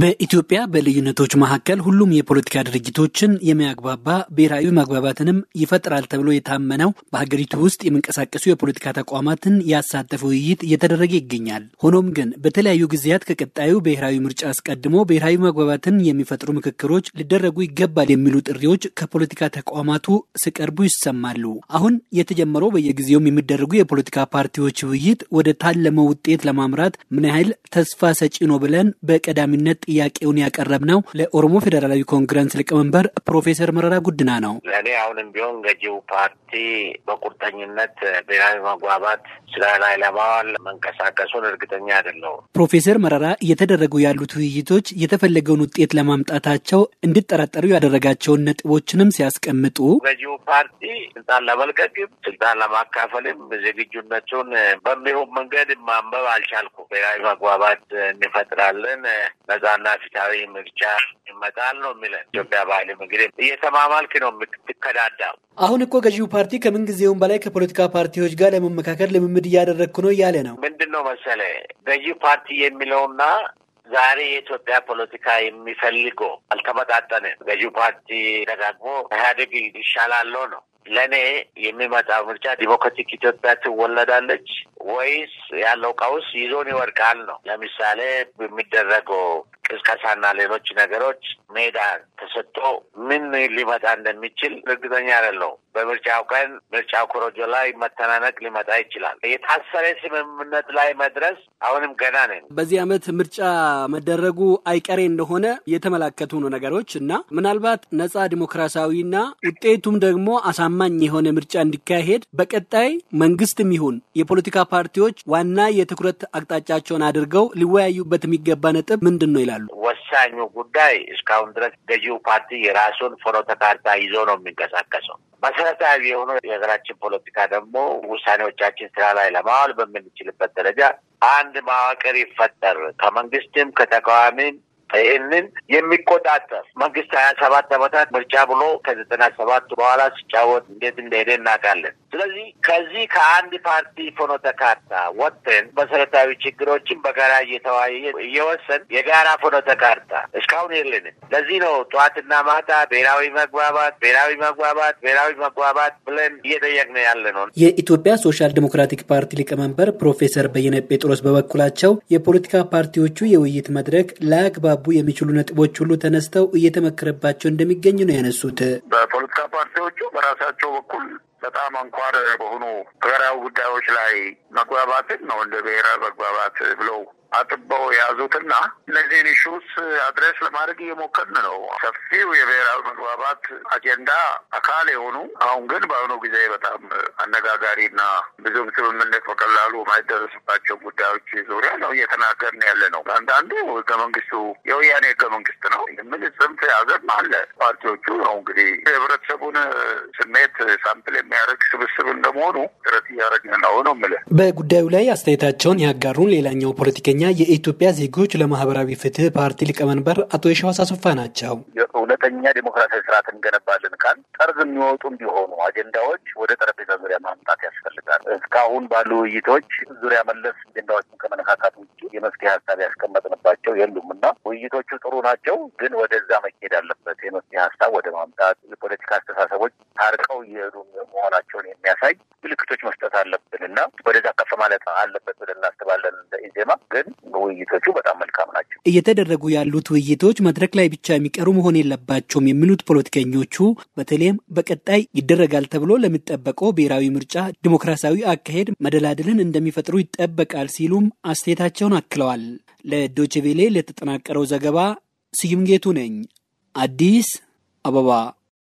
በኢትዮጵያ በልዩነቶች መካከል ሁሉም የፖለቲካ ድርጅቶችን የሚያግባባ ብሔራዊ መግባባትንም ይፈጥራል ተብሎ የታመነው በሀገሪቱ ውስጥ የሚንቀሳቀሱ የፖለቲካ ተቋማትን ያሳተፈ ውይይት እየተደረገ ይገኛል። ሆኖም ግን በተለያዩ ጊዜያት ከቀጣዩ ብሔራዊ ምርጫ አስቀድሞ ብሔራዊ መግባባትን የሚፈጥሩ ምክክሮች ሊደረጉ ይገባል የሚሉ ጥሪዎች ከፖለቲካ ተቋማቱ ሲቀርቡ ይሰማሉ። አሁን የተጀመረው በየጊዜውም የሚደረጉ የፖለቲካ ፓርቲዎች ውይይት ወደ ታለመው ውጤት ለማምራት ምን ያህል ተስፋ ሰጪ ነው ብለን በቀዳሚነት ጥያቄውን ያቀረብ ነው። ለኦሮሞ ፌዴራላዊ ኮንግረስ ሊቀመንበር ፕሮፌሰር መረራ ጉድና ነው። እኔ አሁንም ቢሆን ገዢው ፓርቲ በቁርጠኝነት ብሔራዊ መግባባት ስራ ላይ ለማዋል መንቀሳቀሱን እርግጠኛ አይደለሁም። ፕሮፌሰር መረራ እየተደረጉ ያሉት ውይይቶች የተፈለገውን ውጤት ለማምጣታቸው እንዲጠራጠሩ ያደረጋቸውን ነጥቦችንም ሲያስቀምጡ ገዢው ፓርቲ ስልጣን ለመልቀቅም ስልጣን ለማካፈልም ዝግጁነቱን በሚሆን መንገድ ማንበብ አልቻልኩ። ብሔራዊ መግባባት እንፈጥራለን ነጻ ነፃና ፊታዊ ምርጫ ይመጣል ነው የሚለን ኢትዮጵያ ባህል እንግዲህ እየተማማልክ ነው የምትከዳዳው። አሁን እኮ ገዢው ፓርቲ ከምንጊዜውም በላይ ከፖለቲካ ፓርቲዎች ጋር ለመመካከል ልምምድ እያደረግኩ ነው እያለ ነው። ምንድን ነው መሰለ ገዢው ፓርቲ የሚለውና ዛሬ የኢትዮጵያ ፖለቲካ የሚፈልገው አልተመጣጠነ። ገዢው ፓርቲ ደጋግሞ ኢህአዴግ ይሻላለው ነው ለእኔ የሚመጣው ምርጫ ዲሞክራቲክ ኢትዮጵያ ትወለዳለች ወይስ ያለው ቀውስ ይዞን ይወድቃል ነው። ለምሳሌ የሚደረገው ቅስቀሳና ሌሎች ነገሮች ሜዳ ተሰጥቶ ምን ሊመጣ እንደሚችል እርግጠኛ አይደለሁም። በምርጫው ቀን ምርጫው ኮሮጆ ላይ መተናነቅ ሊመጣ ይችላል። የታሰረ ስምምነት ላይ መድረስ አሁንም ገና ነን። በዚህ ዓመት ምርጫ መደረጉ አይቀሬ እንደሆነ የተመላከቱ ነው ነገሮች እና ምናልባት ነጻ ዲሞክራሲያዊና ውጤቱም ደግሞ አሳማኝ የሆነ ምርጫ እንዲካሄድ በቀጣይ መንግስትም ይሁን የፖለቲካ ፓርቲዎች ዋና የትኩረት አቅጣጫቸውን አድርገው ሊወያዩበት የሚገባ ነጥብ ምንድን ነው ይላሉ? ይገኛሉ። ወሳኙ ጉዳይ እስካሁን ድረስ ገዢው ፓርቲ የራሱን ፍኖተ ካርታ ይዞ ነው የሚንቀሳቀሰው። መሰረታዊ የሆኑ የሀገራችን ፖለቲካ ደግሞ ውሳኔዎቻችን ስራ ላይ ለማዋል በምንችልበት ደረጃ አንድ መዋቅር ይፈጠር ከመንግስትም ከተቃዋሚም ይህንን የሚቆጣጠር መንግስት ሀያ ሰባት አመታት ምርጫ ብሎ ከዘጠና ሰባት በኋላ ሲጫወት እንዴት እንደሄደ እናውቃለን። ስለዚህ ከዚህ ከአንድ ፓርቲ ፍኖተ ካርታ ወጥተን መሰረታዊ ችግሮችን በጋራ እየተወያየ እየወሰን የጋራ ፍኖተ ካርታ እስካሁን የለንም። ለዚህ ነው ጠዋትና ማታ ብሔራዊ መግባባት ብሔራዊ መግባባት ብሔራዊ መግባባት ብለን እየጠየቅን ያለ ነው። የኢትዮጵያ ሶሻል ዲሞክራቲክ ፓርቲ ሊቀመንበር ፕሮፌሰር በየነ ጴጥሮስ በበኩላቸው የፖለቲካ ፓርቲዎቹ የውይይት መድረክ ላያግባቡ የሚችሉ ነጥቦች ሁሉ ተነስተው እየተመከረባቸው እንደሚገኝ ነው ያነሱት። በፖለቲካ ፓርቲዎቹ በራሳቸው በኩል በጣም አንኳር በሆኑ ብሔራዊ ጉዳዮች ላይ መግባባትን ነው እንደ ብሔራዊ መግባባት ብለው አጥበው የያዙትና እነዚህን ኢሹስ አድሬስ ለማድረግ እየሞከርን ነው። ሰፊው የብሔራዊ መግባባት አጀንዳ አካል የሆኑ አሁን ግን በአሁኑ ጊዜ በጣም አነጋጋሪና ብዙም ስምምነት በቀላሉ ማይደረስባቸው ጉዳዮች ዙሪያ ነው እየተናገርን ያለ ነው። አንዳንዱ ህገ መንግስቱ የወያኔ ህገ መንግስት ነው የሚል ጽንፍ የያዘም አለ። ፓርቲዎቹ ነው እንግዲህ የህብረተሰቡን ስሜት ሳምፕል የሚያደርግ ስብስብ እንደመሆኑ ጥረት እያደረግን ነው ነው የምልህ። በጉዳዩ ላይ አስተያየታቸውን ያጋሩን ሌላኛው ፖለቲከኛ የኢትዮጵያ ዜጎች ለማህበራዊ ፍትህ ፓርቲ ሊቀመንበር አቶ የሸዋስ አሰፋ ናቸው። እውነተኛ ዴሞክራሲያዊ ስርዓት እንገነባለን ካል ጠርዝ የሚወጡ እንዲሆኑ አጀንዳዎች ወደ ጠረጴዛ ዙሪያ ማምጣት ያስፈልጋል። እስካሁን ባሉ ውይይቶች ዙሪያ መለስ አጀንዳዎችን ከመነካካት ውጭ የመፍትሄ ሀሳብ ያስቀመጥንባቸው የሉም እና ውይይቶቹ ጥሩ ናቸው፣ ግን ወደዛ ማለት አለበት ብለን እናስባለን። እንደ ኢዜማ ግን ውይይቶቹ በጣም መልካም ናቸው። እየተደረጉ ያሉት ውይይቶች መድረክ ላይ ብቻ የሚቀሩ መሆን የለባቸውም የሚሉት ፖለቲከኞቹ በተለይም በቀጣይ ይደረጋል ተብሎ ለሚጠበቀው ብሔራዊ ምርጫ ዲሞክራሲያዊ አካሄድ መደላድልን እንደሚፈጥሩ ይጠበቃል ሲሉም አስተያየታቸውን አክለዋል። ለዶቼ ቬሌ ለተጠናቀረው ዘገባ ስዩም ጌቱ ነኝ፣ አዲስ አበባ